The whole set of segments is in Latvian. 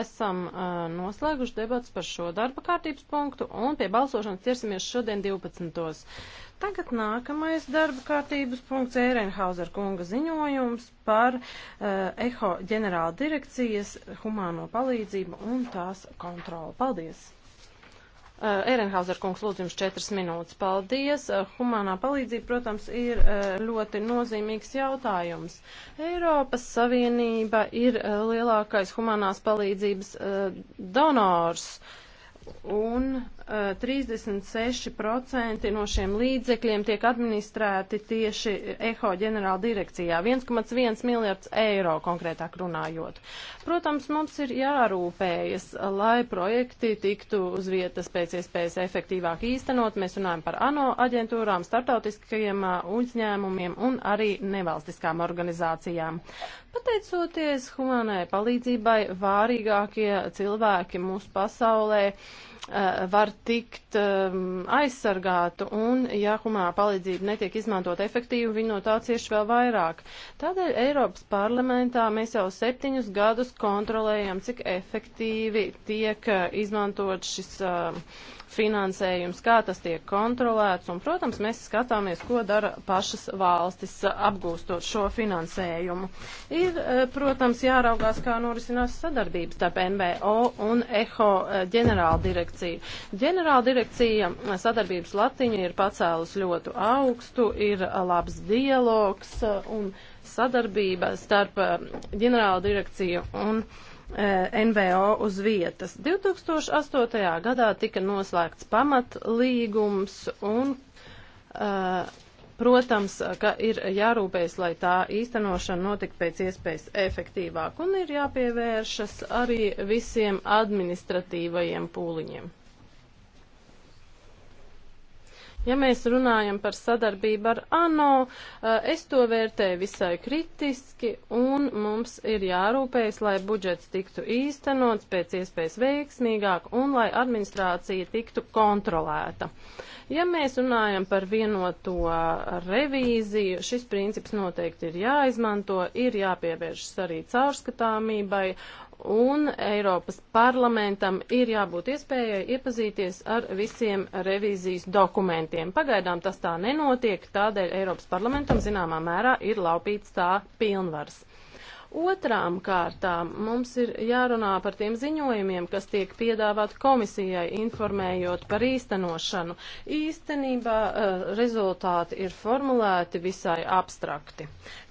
Esam uh, noslēguši debats par šo darba kārtības punktu un pie balsošanas ķersimies šodien 12. Tagad nākamais darba kārtības punkts Ērenhauser kunga ziņojums par uh, EHO ģenerāla direkcijas humāno palīdzību un tās kontroli. Paldies! Uh, eh, Erenhauser kungs, lūdzu jums četras minūtes. Paldies. Uh, humanā palīdzība, protams, ir uh, ļoti nozīmīgs jautājums. Eiropas Savienība ir lielākais humanās palīdzības donors. Uh, un uh, 36% no šiem līdzekļiem tiek administrēti tieši EHO ģenerāla direkcijā, 1,1 miljards eiro konkrētāk runājot. Protams, mums ir jārūpējas, lai projekti tiktu uz vietas pēc iespējas efektīvāk īstenot. Mēs runājam par ANO aģentūrām, starptautiskajiem uh, uzņēmumiem un arī nevalstiskām organizācijām. Pateicoties humanai palīdzībai, vārīgākie cilvēki mūsu pasaulē Eh, var tikt um, ehm, aizsargātu, un ja humānā palīdzība netiek izmantot efektīvi, viņi no tā cieši vēl vairāk. Tādēļ Eiropas parlamentā mēs jau septiņus gadus kontrolējam, cik efektīvi tiek uh, izmantot šis uh, finansējums, kā tas tiek kontrolēts, un, protams, mēs skatāmies, ko dara pašas valstis uh, apgūstot šo finansējumu. Ir, protams, jāraugās, kā norisinās sadarbības starp NVO un e EHO ģenerāldirektoru direkciju. Ģenerāla direkcija eh, sadarbības latiņa ir pacēlus ļoti augstu, ir eh, labs dialogs eh, un sadarbība starp ģenerāla direkciju un NVO uz vietas. 2008. gadā tika noslēgts pamatlīgums un uh, Protams, ka ir jārūpējas, lai tā īstenošana notika pēc iespējas efektīvāk un ir jāpievēršas arī visiem administratīvajiem pūliņiem. Ja mēs runājam par sadarbību ar ANO, eh, es to vērtēju visai kritiski un mums ir jārūpējas, lai budžets tiktu īstenots pēc iespējas veiksmīgāk un lai administrācija tiktu kontrolēta. Ja mēs runājam par vienoto revīziju, šis princips noteikti ir jāizmanto, ir jāpievēršas arī caurskatāmībai un Eiropas parlamentam ir jābūt iespējai iepazīties ar visiem revīzijas dokumentiem. Pagaidām tas tā nenotiek, tādēļ Eiropas parlamentam zināmā mērā ir laupīts tā pilnvars. Otrām kārtām mums ir jārunā par tiem ziņojumiem, kas tiek piedāvāt komisijai, informējot par īstenošanu. Īstenībā eh, rezultāti ir formulēti visai abstrakti.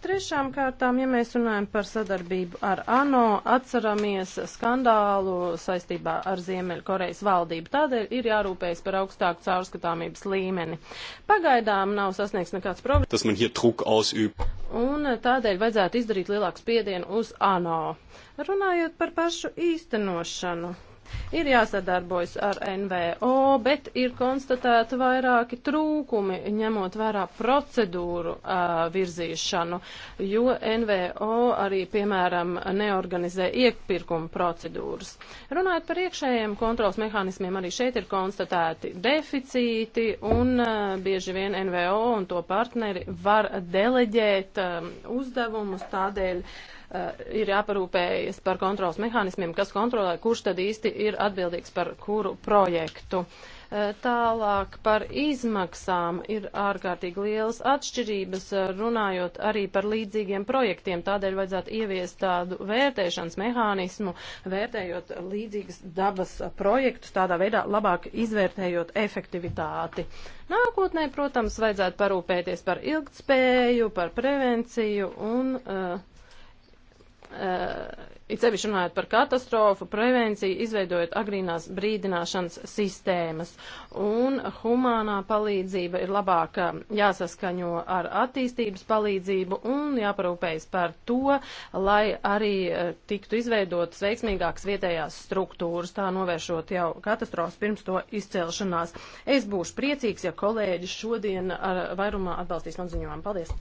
Trešām kārtām, ja mēs runājam par sadarbību ar ANO, atceramies skandālu saistībā ar Ziemeļkorejas valdību. Tādēļ ir jārūpējas par augstāku caurskatāmības līmeni. Pagaidām nav sasniegts nekāds progress un tādēļ vajadzētu izdarīt lielāku spiedienu uz ANO. Runājot par pašu īstenošanu. Ir jāsadarbojas ar NVO, bet ir konstatēti vairāki trūkumi, ņemot vērā procedūru uh, virzīšanu, jo NVO arī, piemēram, neorganizē iepirkuma procedūras. Runājot par iekšējiem kontrols mehānismiem, arī šeit ir konstatēti deficīti un uh, bieži vien NVO un to partneri var deleģēt uh, uzdevumus tādēļ, uh, Eh, ir jāparūpējas par kontrols mehānismiem, kas kontrolē, kurš tad īsti ir atbildīgs par kuru projektu. Eh, tālāk par izmaksām ir ārkārtīgi lielas atšķirības, eh, runājot arī par līdzīgiem projektiem. Tādēļ vajadzētu ieviest tādu vērtēšanas mehānismu, vērtējot līdzīgas dabas projektus, tādā veidā labāk izvērtējot efektivitāti. Nākotnē, protams, vajadzētu parūpēties par ilgtspēju, par prevenciju un uh, Uh, it sevišķi runājot par katastrofu, prevenciju, izveidojot agrīnās brīdināšanas sistēmas. Un humānā palīdzība ir labāk jāsaskaņo ar attīstības palīdzību un jāparūpējas par to, lai arī uh, tiktu izveidotas veiksmīgākas vietējās struktūras, tā novēršot jau katastrofas pirms to izcelšanās. Es būšu priecīgs, ja kolēģi šodien ar vairumā atbalstīs man ziņojumu. Paldies!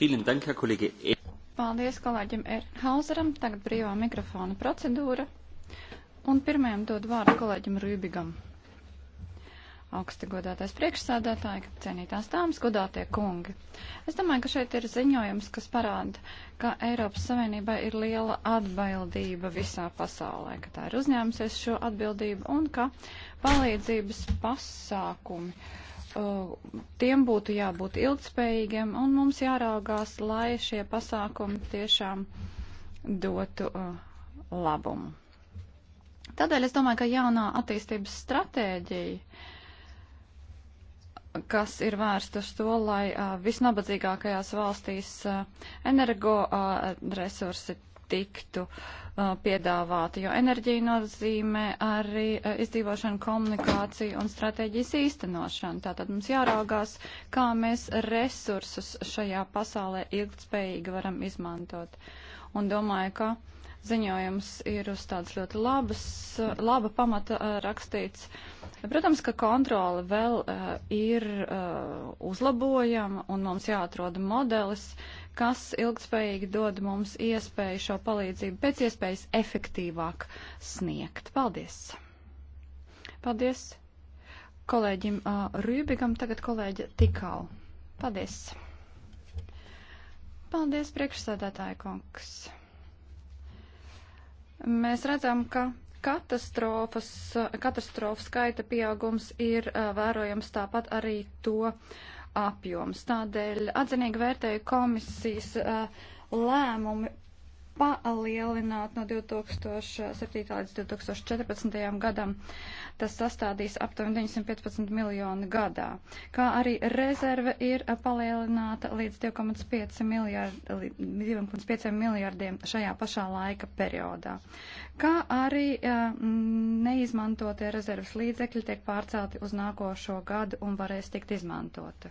Vielen Dank, Herr Kollege. Paldies kolēģim Ernhauseram. Tagad brīvā mikrofona procedūra. Un pirmajam dod vārdu kolēģim Rībigam. Augsti godātais priekšsādātāji, cienītās dāmas, godātie kungi. Es domāju, ka šeit ir ziņojums, kas parāda, ka Eiropas Savienībai ir liela atbildība visā pasaulē, ka tā ir uzņēmusies šo atbildību un ka palīdzības pasākumi. Uh, Uh, tiem būtu jābūt ilgspējīgiem, un mums jārāgās, lai šie pasākumi tiešām dotu uh, labumu. Tādēļ es domāju, ka jaunā attīstības stratēģija, kas ir vērsta uz to, lai uh, visnabadzīgākajās valstīs energo resursi tiktu uh, piedāvāti, jo enerģija nozīmē arī uh, izdzīvošanu, komunikāciju un stratēģijas īstenošanu. Tātad mums jāraugās, kā mēs resursus šajā pasaulē ilgtspējīgi varam izmantot. Un domāju, ka Ziņojums ir uz tādas ļoti labas, laba pamata uh, rakstīts. Protams, ka kontrole vēl uh, ir uh, uzlabojama un mums jāatrod modelis, kas ilgspējīgi dod mums iespēju šo palīdzību pēc iespējas efektīvāk sniegt. Paldies! Paldies kolēģim uh, Rībigam, tagad kolēģa Tikau. Paldies! Paldies, priekšsēdētāja kungs! Mēs redzam, ka katastrofas, katastrofu skaita pieaugums ir vērojams tāpat arī to apjoms. Tādēļ atzinīgi vērtēju komisijas lēmumu palielināt no 2007. līdz 2014. gadam. Tas sastādīs aptuveni 915 miljoni gadā, kā arī rezerve ir palielināta līdz 2,5 miljard, miljardiem šajā pašā laika periodā. Kā arī eh, neizmantotie rezerves līdzekļi tiek pārcelti uz nākošo gadu un varēs tikt izmantoti.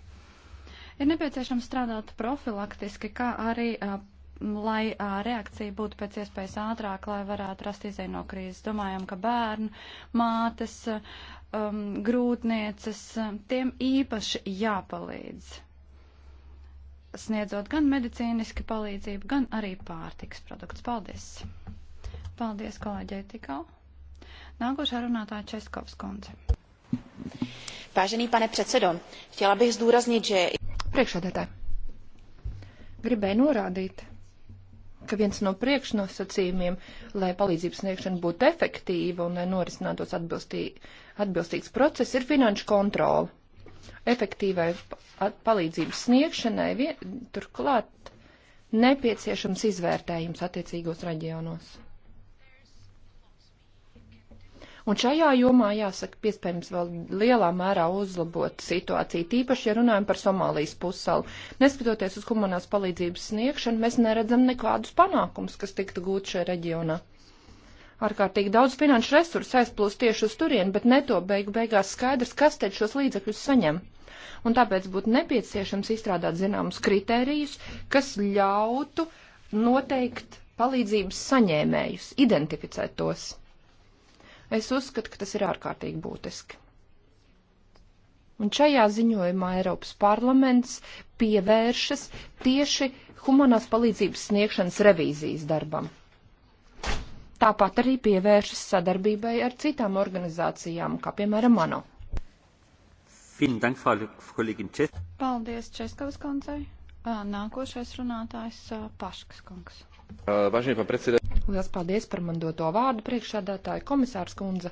Ir nepieciešams strādāt profilaktiski, kā arī eh, lai a, reakcija būtu pēc iespējas ātrāk, lai varētu rast izēju no krīzes. Domājam, ka bērnu, mātes, um, grūtnieces, tiem īpaši jāpalīdz, sniedzot gan medicīniski palīdzību, gan arī pārtiks produkts. Paldies! Paldies, kolēģei Tikau! Nākošā runātāja Českovs kundze. Vážený pane předsedo, chtěla bych zdůraznit, že... Priekšādētāji, gribēju norādīt, ka viens no priekšnosacījumiem, lai palīdzības sniegšana būtu efektīva un lai norisinātos atbilstī, atbilstīgs process, ir finanšu kontrola. Efektīvai palīdzības sniegšanai vien, turklāt nepieciešams izvērtējums attiecīgos reģionos. Un šajā jomā, jāsaka, iespējams vēl lielā mērā uzlabot situāciju, tīpaši, ja runājam par Somālijas pussalu. Neskatoties uz humanās palīdzības sniegšanu, mēs neredzam nekādus panākumus, kas tiktu gūti šajā reģionā ārkārtīgi daudz finanšu resursu aizplūst tieši uz turieni, bet ne to beigu beigās skaidrs, kas te šos līdzekļus saņem. Un tāpēc būtu nepieciešams izstrādāt zināmus kritērijus, kas ļautu noteikt palīdzības saņēmējus, identificēt tos. Es uzskatu, ka tas ir ārkārtīgi būtiski. Un šajā ziņojumā Eiropas parlaments pievēršas tieši humanās palīdzības sniegšanas revīzijas darbam. Tāpat arī pievēršas sadarbībai ar citām organizācijām, kā piemēram ANO. Paldies Českavas kundzei. Nākošais runātājs Paškas kungs. Vážený pán predseda, Lielas paldies par man doto vārdu priekšādātāju komisārs kundze.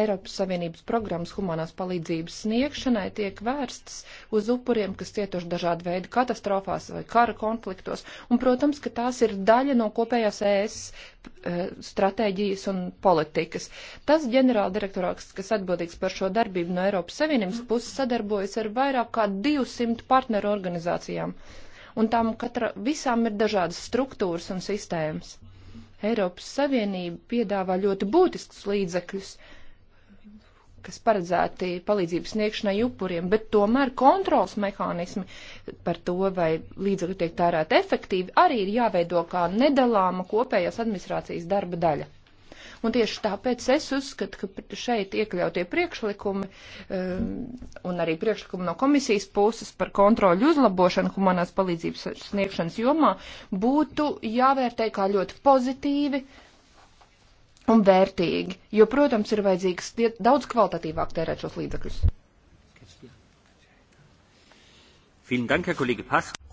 Eiropas Savienības programmas humanās palīdzības sniegšanai tiek vērstas uz upuriem, kas cietuši dažādu veidu katastrofās vai kara konfliktos, un, protams, ka tās ir daļa no kopējās ES eh, stratēģijas un politikas. Tas ģenerāldirektorāks, kas atbildīgs par šo darbību no Eiropas Savienības puses, sadarbojas ar vairāk kā 200 partneru organizācijām un tām katra, visām ir dažādas struktūras un sistēmas. Eiropas Savienība piedāvā ļoti būtiskus līdzekļus, kas paredzēti palīdzības sniegšanai upuriem, bet tomēr kontrols mehānismi par to, vai līdzekļi tiek tērēti efektīvi, arī ir jāveido kā nedalāma kopējās administrācijas darba daļa. Un tieši tāpēc es uzskatu, ka šeit iekļautie priekšlikumi um, un arī priekšlikumi no komisijas puses par kontroļu uzlabošanu humanās palīdzības sniegšanas jomā būtu jāvērtē kā ļoti pozitīvi un vērtīgi, jo, protams, ir vajadzīgs daudz kvalitatīvāk tērēt šos līdzekļus.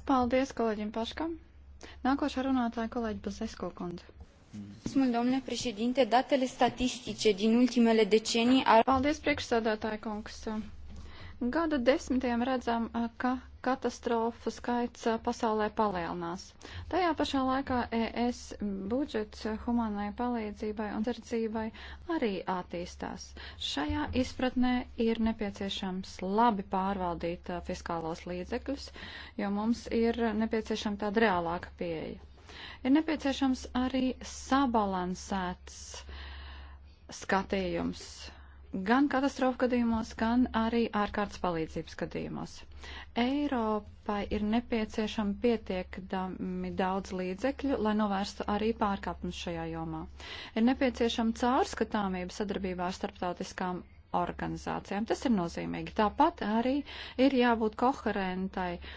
Paldies kolēģim Paškam. Nākošā runātāja kolēģi Bazesko kundze datele statistice din ultimele decenii ar... Paldies, priekšsādātāja kungs. Gada desmitiem redzam, ka katastrofu skaits pasaulē palielinās. Tajā pašā laikā ES budžets humanai palīdzībai un dardzībai arī attīstās. Šajā izpratnē ir nepieciešams labi pārvaldīt fiskālos līdzekļus, jo mums ir nepieciešama tāda reālāka pieeja. Ir nepieciešams arī sabalansēts skatījums gan katastrofu gadījumos, gan arī ārkārtas palīdzības gadījumos. Eiropai ir nepieciešama pietiekami daudz līdzekļu, lai novērstu arī pārkāpumus šajā jomā. Ir nepieciešama caurskatāmība sadarbībā ar starptautiskām organizācijām. Tas ir nozīmīgi. Tāpat arī ir jābūt koherentai uh,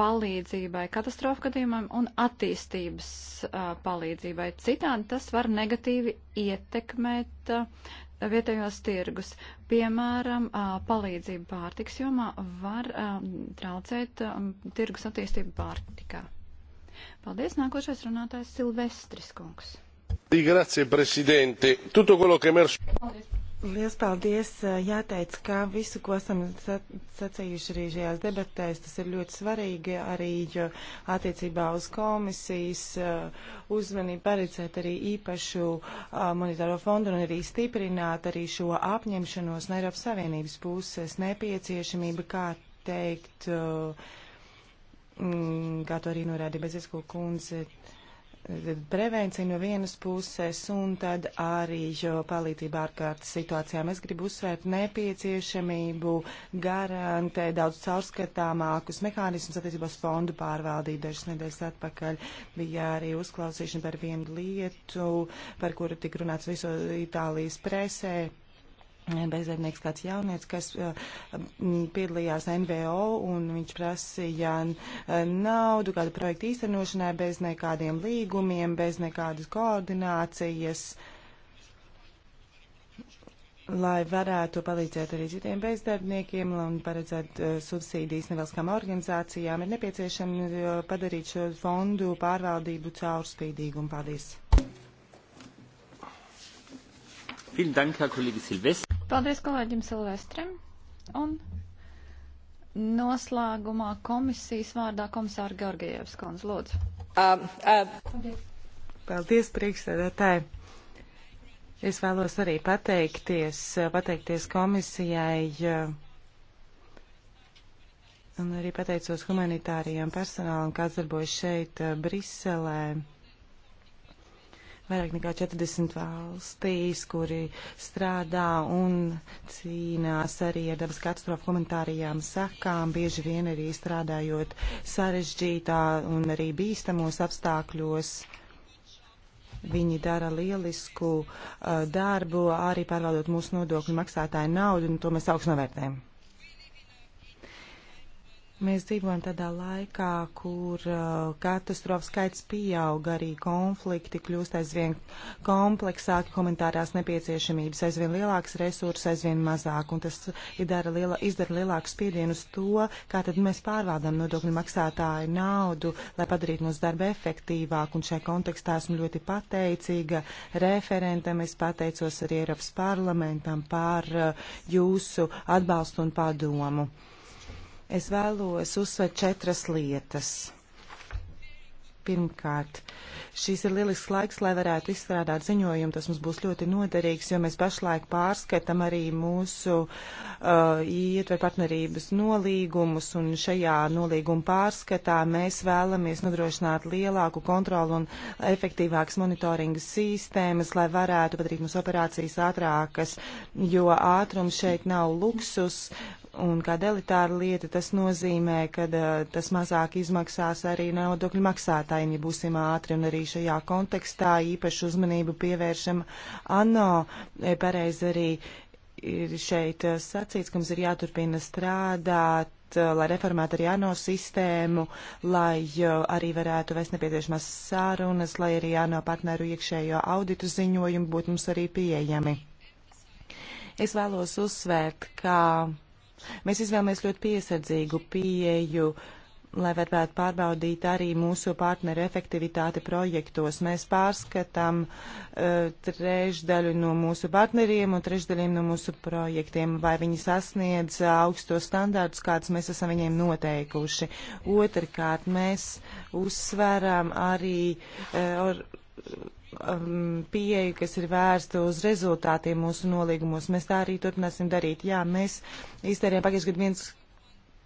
palīdzībai katastrofu gadījumam un attīstības uh, palīdzībai. Citādi tas var negatīvi ietekmēt uh, vietējos tirgus. Piemēram, uh, palīdzība pārtiks jomā var traucēt tirgus attīstību pārtikā. Paldies, nākošais runātājs Silvestris Kungs. Grazie, prezidente. Tutto quello che emerge. Paldies. Lielas paldies! Jāteic, ka visu, ko esam sacījuši arī šajās debatēs, tas ir ļoti svarīgi arī attiecībā uz komisijas uh, uzmanību paredzēt arī īpašu uh, monetāro fondu un arī stiprināt arī šo apņemšanos no Eiropas Savienības puses nepieciešamība, kā teikt, uh, mm, kā to arī norāda Bezesku kundze prevencija no vienas puses un tad arī palīdzība ārkārtas situācijām. Es gribu uzsvērt nepieciešamību garantē daudz caurskatāmākus mehānismus attiecībās fondu pārvaldību. Dažas nedēļas atpakaļ bija arī uzklausīšana par vienu lietu, par kuru tik runāts viso Itālijas presē bezdarbnieks kāds jaunietis, kas eh, piedalījās NVO un viņš prasīja eh, naudu kādu projektu īstenošanai bez nekādiem līgumiem, bez nekādas koordinācijas, lai varētu palīdzēt arī citiem bezdarbniekiem un paredzēt eh, subsīdijas nevalstiskām organizācijām. Ir nepieciešams padarīt šo fondu pārvaldību caurspīdīgu un paldies. Vielen Dank, Herr Kollege Silvestri. Paldies kolēģim Silvestrim. Un noslēgumā komisijas vārdā komisāra Georgievs Kons, lūdzu. Um, um. Paldies, Paldies priekšsēdētāji. Es vēlos arī pateikties, pateikties komisijai uh, un arī pateicos humanitārajiem personālam, kas darbojas šeit, uh, Briselē vairāk nekā 40 valstīs, kuri strādā un cīnās arī ar dabas katastrofu komentārijām sakām, bieži vien arī strādājot sarežģītā un arī bīstamos apstākļos. Viņi dara lielisku uh, darbu, arī pārvaldot mūsu nodokļu maksātāju naudu, un to mēs augstu novērtējam. Mēs dzīvojam tādā laikā, kur uh, katastrofu skaits pieaug, arī konflikti kļūst aizvien kompleksāki, komentārās nepieciešamības aizvien lielāks, resursi aizvien mazāk, un tas izdara, liela, izdara lielāku spiedienu uz to, kā tad mēs pārvaldām nodokļu maksātāju naudu, lai padarītu mūsu darbu efektīvāku, un šajā kontekstā esmu ļoti pateicīga referentam, es pateicos arī Eiropas parlamentam par uh, jūsu atbalstu un padomu. Es vēlos uzsvērt četras lietas. Pirmkārt, šīs ir lielisks laiks, lai varētu izstrādāt ziņojumu. Tas mums būs ļoti noderīgs, jo mēs pašlaik pārskatām arī mūsu uh, ietver partnerības nolīgumus, un šajā nolīguma pārskatā mēs vēlamies nodrošināt lielāku kontrolu un efektīvākas monitoringa sistēmas, lai varētu padarīt mūsu operācijas ātrākas, jo ātrums šeit nav luksus, un kā delitāra lieta, tas nozīmē, ka uh, tas mazāk izmaksās arī nodokļu maksātājiem, ja būsim ātri, un arī šajā kontekstā īpaši uzmanību pievēršam ANO, e, pareizi arī ir šeit sacīts, ka mums ir jāturpina strādāt lai reformētu arī ANO sistēmu, lai arī varētu vest nepieciešamās sārunas, lai arī ANO partneru iekšējo auditu ziņojumu būtu mums arī pieejami. Es vēlos uzsvērt, ka Mēs izvēlamies ļoti piesardzīgu pieeju lai varētu pārbaudīt arī mūsu partneru efektivitāti projektos. Mēs pārskatām uh, trešdaļu no mūsu partneriem un trešdaļiem no mūsu projektiem, vai viņi sasniedz augstos standārtus, kādus mēs esam viņiem noteikuši. Otrkārt, mēs uzsveram arī. Uh, or, um, pieeju, kas ir vērsta uz rezultātiem mūsu nolīgumos. Mēs tā arī turpināsim darīt. Jā, mēs iztērējām pagājušajā gadu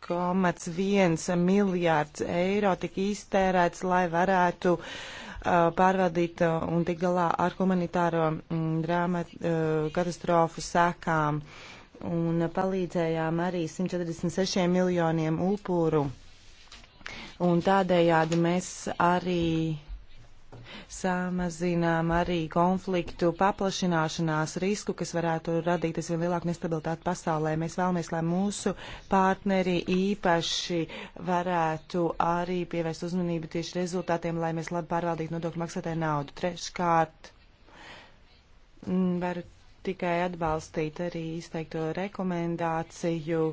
1,1 miljārds eiro tika iztērēts, lai varētu uh, pārvaldīt uh, un tik galā ar humanitāro mm, drāma uh, katastrofu sekām un palīdzējām arī 146 miljoniem upuru. Un tādējādi mēs arī samazinām arī konfliktu paplašināšanās risku, kas varētu radīt aizvien lielāku nestabilitāti pasaulē. Mēs vēlamies, lai mūsu partneri īpaši varētu arī pievērst uzmanību tieši rezultātiem, lai mēs labi pārvaldītu nodokļu maksātāju naudu. Treškārt, mm, varu tikai atbalstīt arī izteikto rekomendāciju.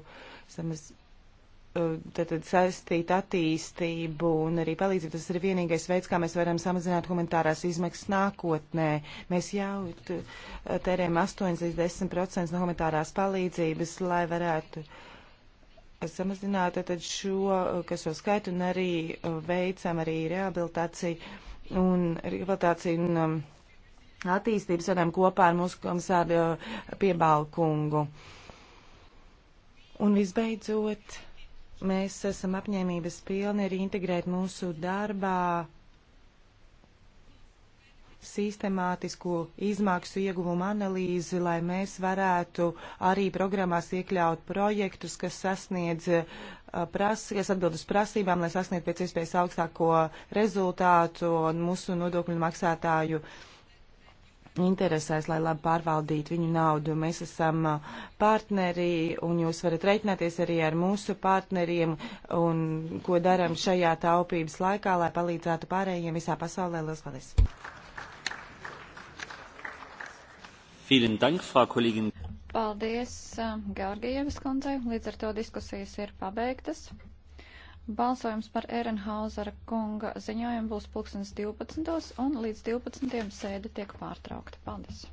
Samaz Eh, tātad saistīt attīstību un arī palīdzību. Tas ir vienīgais veids, kā mēs varam samazināt humanitārās izmaksas nākotnē. Mēs jau eh, tērējam 8 līdz 10% no humanitārās palīdzības, lai varētu samazināt tātad šo, eh, kas šo skaitu, un arī veicam arī rehabilitāciju un rehabilitāciju un um, attīstības varam kopā ar mūsu komisāru piebalkungu. Un visbeidzot. Mēs esam apņēmības pilni arī integrēt mūsu darbā sistemātisko izmaksu ieguvumu analīzi, lai mēs varētu arī programmās iekļaut projektus, kas sasniedz uh, prasības, kas atbild uz prasībām, lai sasniegtu pēc iespējas augstāko rezultātu un mūsu nodokļu maksātāju uh, interesēs, lai labi pārvaldītu viņu naudu. Mēs esam uh, partneri, un jūs varat reiķināties arī ar mūsu partneriem, un ko daram šajā taupības laikā, lai palīdzētu pārējiem visā pasaulē. Lielas paldies! Paldies, uh, Georgievas kundzei. Līdz ar to diskusijas ir pabeigtas. Balsojums par Ehrenhauzera kunga ziņojumu būs pulkstens 12. un līdz 12. sēde tiek pārtraukta. Paldies!